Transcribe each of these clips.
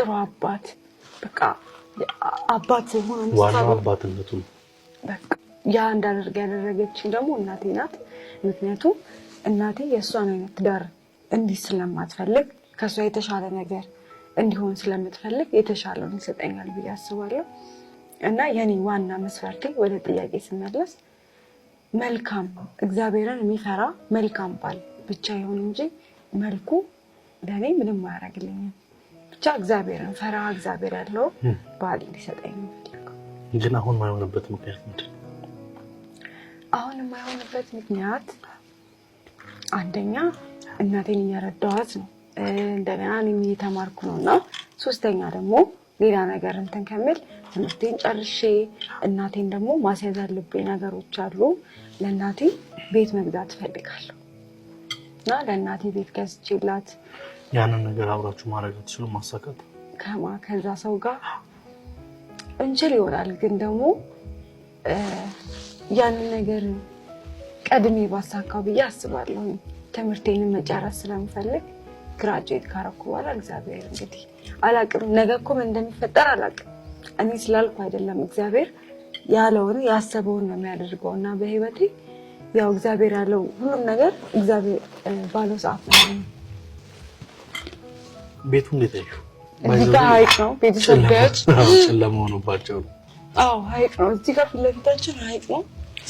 ጥሩ አባት በቃ አባት ሆነ። ዋናው አባትነቱ በቃ ያ እንዳደርግ ያደረገችን ደግሞ እናቴ ናት። ምክንያቱም እናቴ የእሷን አይነት ትዳር እንዲህ ስለማትፈልግ ከእሷ የተሻለ ነገር እንዲሆን ስለምትፈልግ የተሻለውን ይሰጠኛል ብዬ አስባለሁ። እና የኔ ዋና መስፈርቴ ወደ ጥያቄ ስመለስ መልካም እግዚአብሔርን የሚፈራ መልካም ባል ብቻ ይሆን እንጂ መልኩ ለእኔ ምንም አያደርግልኝም። ብቻ እግዚአብሔርን ፈራ እግዚአብሔር ያለው ባል እንዲሰጠኝ የሚፈልገው ግን አሁን የማይሆንበት ምክንያት ምንድን ነው? አሁን የማይሆንበት ምክንያት አንደኛ እናቴን እያረዳዋት ነው፣ እንደገና እኔም እየተማርኩ ነው እና ሶስተኛ ደግሞ ሌላ ነገር እንትን ከሚል ትምህርቴን ጨርሼ እናቴን ደግሞ ማስያዝ ያለብኝ ነገሮች አሉ። ለእናቴ ቤት መግዛት እፈልጋለሁ እና ለእናቴ ቤት ገዝቼላት ያንን ነገር አብራችሁ ማድረግ ትችሉ ማሳካት ከማ ከዛ ሰው ጋር እንችል ይሆናል፣ ግን ደግሞ ያንን ነገር ቀድሜ ባሳካው ብዬ አስባለሁ። ትምህርቴን መጨረስ ስለምፈልግ ግራጁዌት ካረኩ በኋላ እግዚአብሔር እንግዲህ አላቅም፣ ነገ እኮ ምን እንደሚፈጠር አላቅም። እኔ ስላልኩ አይደለም እግዚአብሔር ያለውን ያሰበውን ነው የሚያደርገው እና በህይወቴ ያው እግዚአብሔር ያለው ሁሉም ነገር እግዚአብሔር ባለው ሰዓት ነው ቤቱ እንዴት ያዩ? እዚህ ጋር ሀይቅ ነው። ቤተሰብ ገጭ ጨለማ ሆኖባቸው ነው። አዎ ነው። እዚህ ጋር ፊት ለፊታችን ሀይቅ ነው።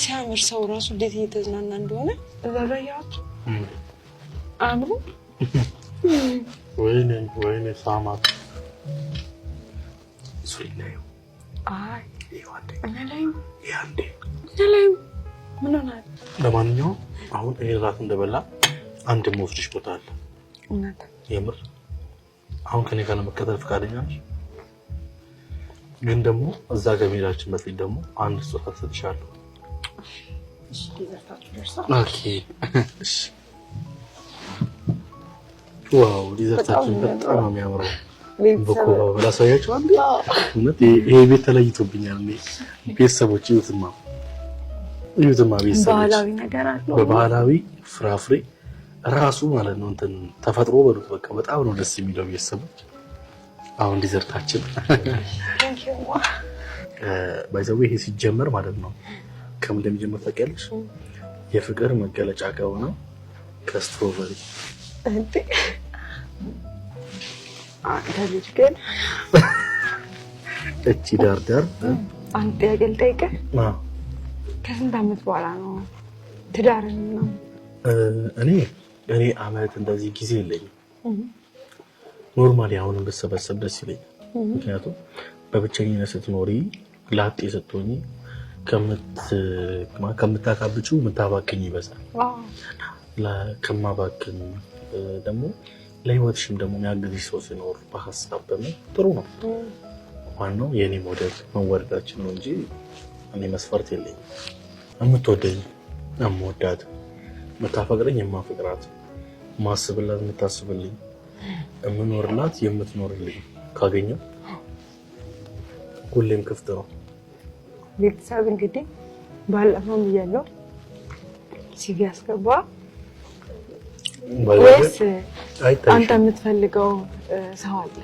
ሲያምር ሰው ራሱ እንዴት እየተዝናና እንደሆነ እዛ ላይ ያቸው አምሮ ወይኔ ወይኔ ሳማት ለማንኛውም አሁን እራት እንደበላ አንድ መወስድሽ ቦታ አለ የምር አሁን ከኔ ጋር ለመከተል ፈቃደኛ ነሽ? ግን ደግሞ እዛ ከመሄዳችን በፊት ደግሞ አንድ ስጦታ ሰጥሻለሁ። ዋው ዲዘርታችን በጣም ነው የሚያምረው። በኮባ በላሳያቸዋል። እውነት ይሄ ቤት ተለይቶብኛል። ቤተሰቦች እዩትማ፣ እዩትማ ቤተሰቦች በባህላዊ ፍራፍሬ ራሱ ማለት ነው እንትን ተፈጥሮ በሉት በቃ በጣም ነው ደስ የሚለው ቤተሰቦች። አሁን ዲዘርታችን ባይዘዌ ይሄ ሲጀመር ማለት ነው ከምን እንደሚጀምር ታውቂያለሽ? የፍቅር መገለጫ ከሆነ ከስትሮበሪ አንዳልጅ ግን እቺ ዳርዳር አንድ ጥያቄ ልጠይቅህ። ከስንት ዓመት በኋላ ነው ትዳርን ነው እኔ እኔ አመት እንደዚህ ጊዜ የለኝም። ኖርማሊ አሁንም ብሰበሰብ ደስ ይለኛል። ምክንያቱም በብቸኝነት ስትኖሪ ላጤ ስትሆኚ ከምታካብጩ የምታባክኝ ይበዛል። ከማባክን ደግሞ ለህይወትሽም ደግሞ የሚያግዝሽ ሰው ሲኖር በሀሳብ በምን ጥሩ ነው። ዋናው የእኔ ሞዴል መወደዳችን ነው እንጂ እኔ መስፈርት የለኝም። የምትወደኝ የምወዳት የምታፈቅረኝ የማፈቅራት ማስብላት የምታስብልኝ የምኖርላት የምትኖርልኝ ካገኘው ሁሌም ክፍት ነው። ቤተሰብ እንግዲህ ባለፈውም እያለው ሲቪ አስገባ ወይስ አንተ የምትፈልገው ሰው አለ?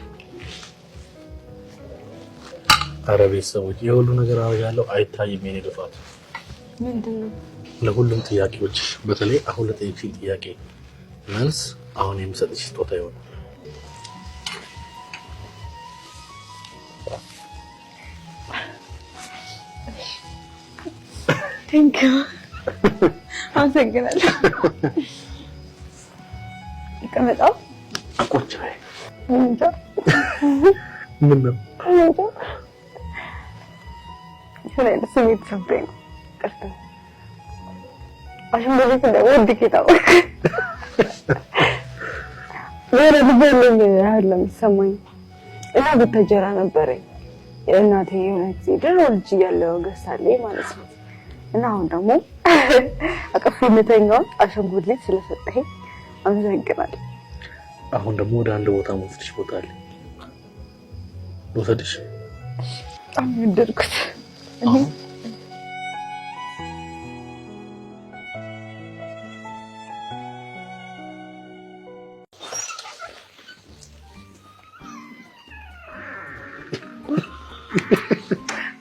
አረ ቤተሰቦች የሁሉ ነገር አደርጋለሁ አይታይም። የኔ ልፋት ምንድን ነው? ለሁሉም ጥያቄዎች በተለይ አሁን ለጠየቅሽኝ ጥያቄ መልስ አሁን የምሰጥሽ ስጦታ ይሆናል። አመሰግናለሁ። ቀመጣው አቆጭ ላይ ምን ነው ስሜት ሰብሬ ነው ሌላ ልበልኝ ያህል ለሚሰማኝ እና ብተጀራ ነበረኝ የእናቴ የሆነ ጊዜ ድሮ ልጅ እያለሁ ገዝታለች ማለት ነው። እና አሁን ደግሞ አቅፌ የምተኛውን አሻንጉሊት ስለሰጠኝ አመሰግናለሁ። አሁን ደግሞ ወደ አንድ ቦታ መውሰድሽ ቦታ አለ መውሰድሽ በጣም የወደድኩት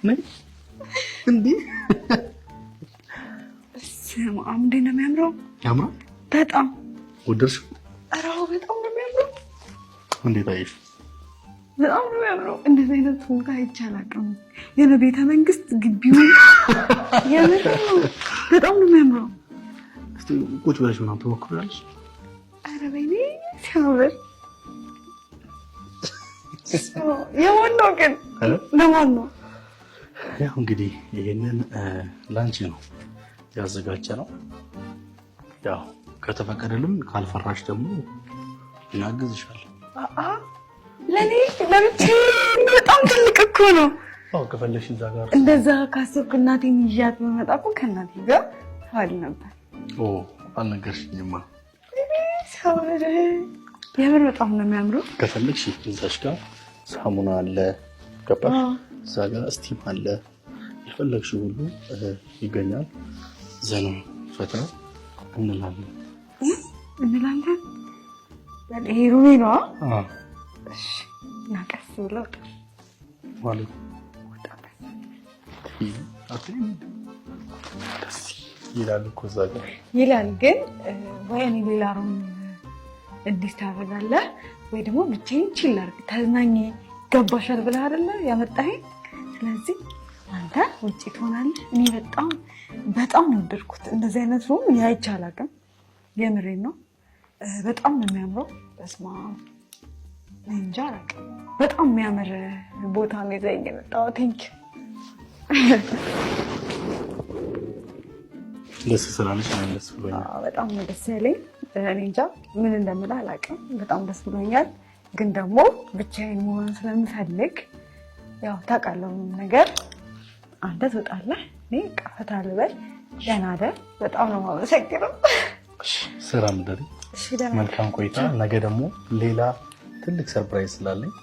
ምን እንዴ? ስም አምዴ ነው የሚያምረው። ያምራል በጣም ወደድሽ? ኧረ በጣም ነው የሚያምረው። እንዴት አየሽ? በጣም ነው የሚያምረው። እንደዚህ አይነት ቦታ አይቼ አላውቅም። ቤተ መንግስት የምር ነው። በጣም ነው የሚያምረው። እስቲ ቁጭ ብለሽ ምናምን ትሞክሪያለሽ? ኧረ በይኔ ሲያምር የማን ነው ግን? ለማን ነው ያው እንግዲህ ይህንን ላንች ነው ያዘጋጀ ነው። ያው ከተፈቀደልም ካልፈራሽ ደግሞ እናግዝሻል። ለእኔ ለብቻዬ በጣም ትልቅ እኮ ነው። ከፈለሽ እዛ ጋር እንደዛ ካሰብክ እናቴን ይዣት በመጣ እኮ ከእናቴ ጋር ተዋል ነበር። አልነገርሽኝማ። የምር በጣም ነው የሚያምሩ። ከፈለግሽ እዛሽ ጋር ሳሙና አለ ገባሽ እዛ ጋር ስቲም አለ። የፈለግሽው ሁሉ ይገኛል። ዘና ፈታ እንላለን እንላለን። ይሄ ሩሜ ነዋ። ብለው ይላል እኮ እዛ ጋር ይላል። ግን ወይ እኔ ሌላ ሩም እንዲህ ወይ ደግሞ ብቻዬን ችላርግ ተዝናኝ ገባሻል ብለህ አይደለ ያመጣኸኝ። ስለዚህ አንተ ውጭ ትሆናለህ። እኔ በጣም በጣም ነው ወደድኩት። እንደዚህ አይነት ሩም እኔ አይቼ አላውቅም። የምሬን ነው። በጣም ነው የሚያምረው። በስመ አብ እንጃ አላውቅም። በጣም የሚያምር ቦታ ነው ይዘኸኝ የመጣኸው። ቴንኪው ደስ ስላለች ደስ ብሎኛል። በጣም ደስ ያለኝ እኔ እንጃ ምን እንደምልህ አላውቅም። በጣም ደስ ብሎኛል። ግን ደግሞ ብቻዬን መሆን ስለምፈልግ ያው ታውቃለህ፣ ነገር አንተ ትወጣለህ፣ እኔ ቀፈታ ልበል። ደህና ደር። በጣም ነው የማመሰግነው። ስራ ምደሪ፣ መልካም ቆይታ። ነገ ደግሞ ሌላ ትልቅ ሰርፕራይዝ ስላለኝ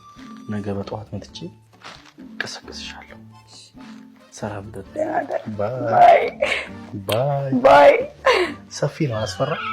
ነገ በጠዋት መጥቼ ስራ ሰላም ባይ። ሰፊ ነው አስፈራ።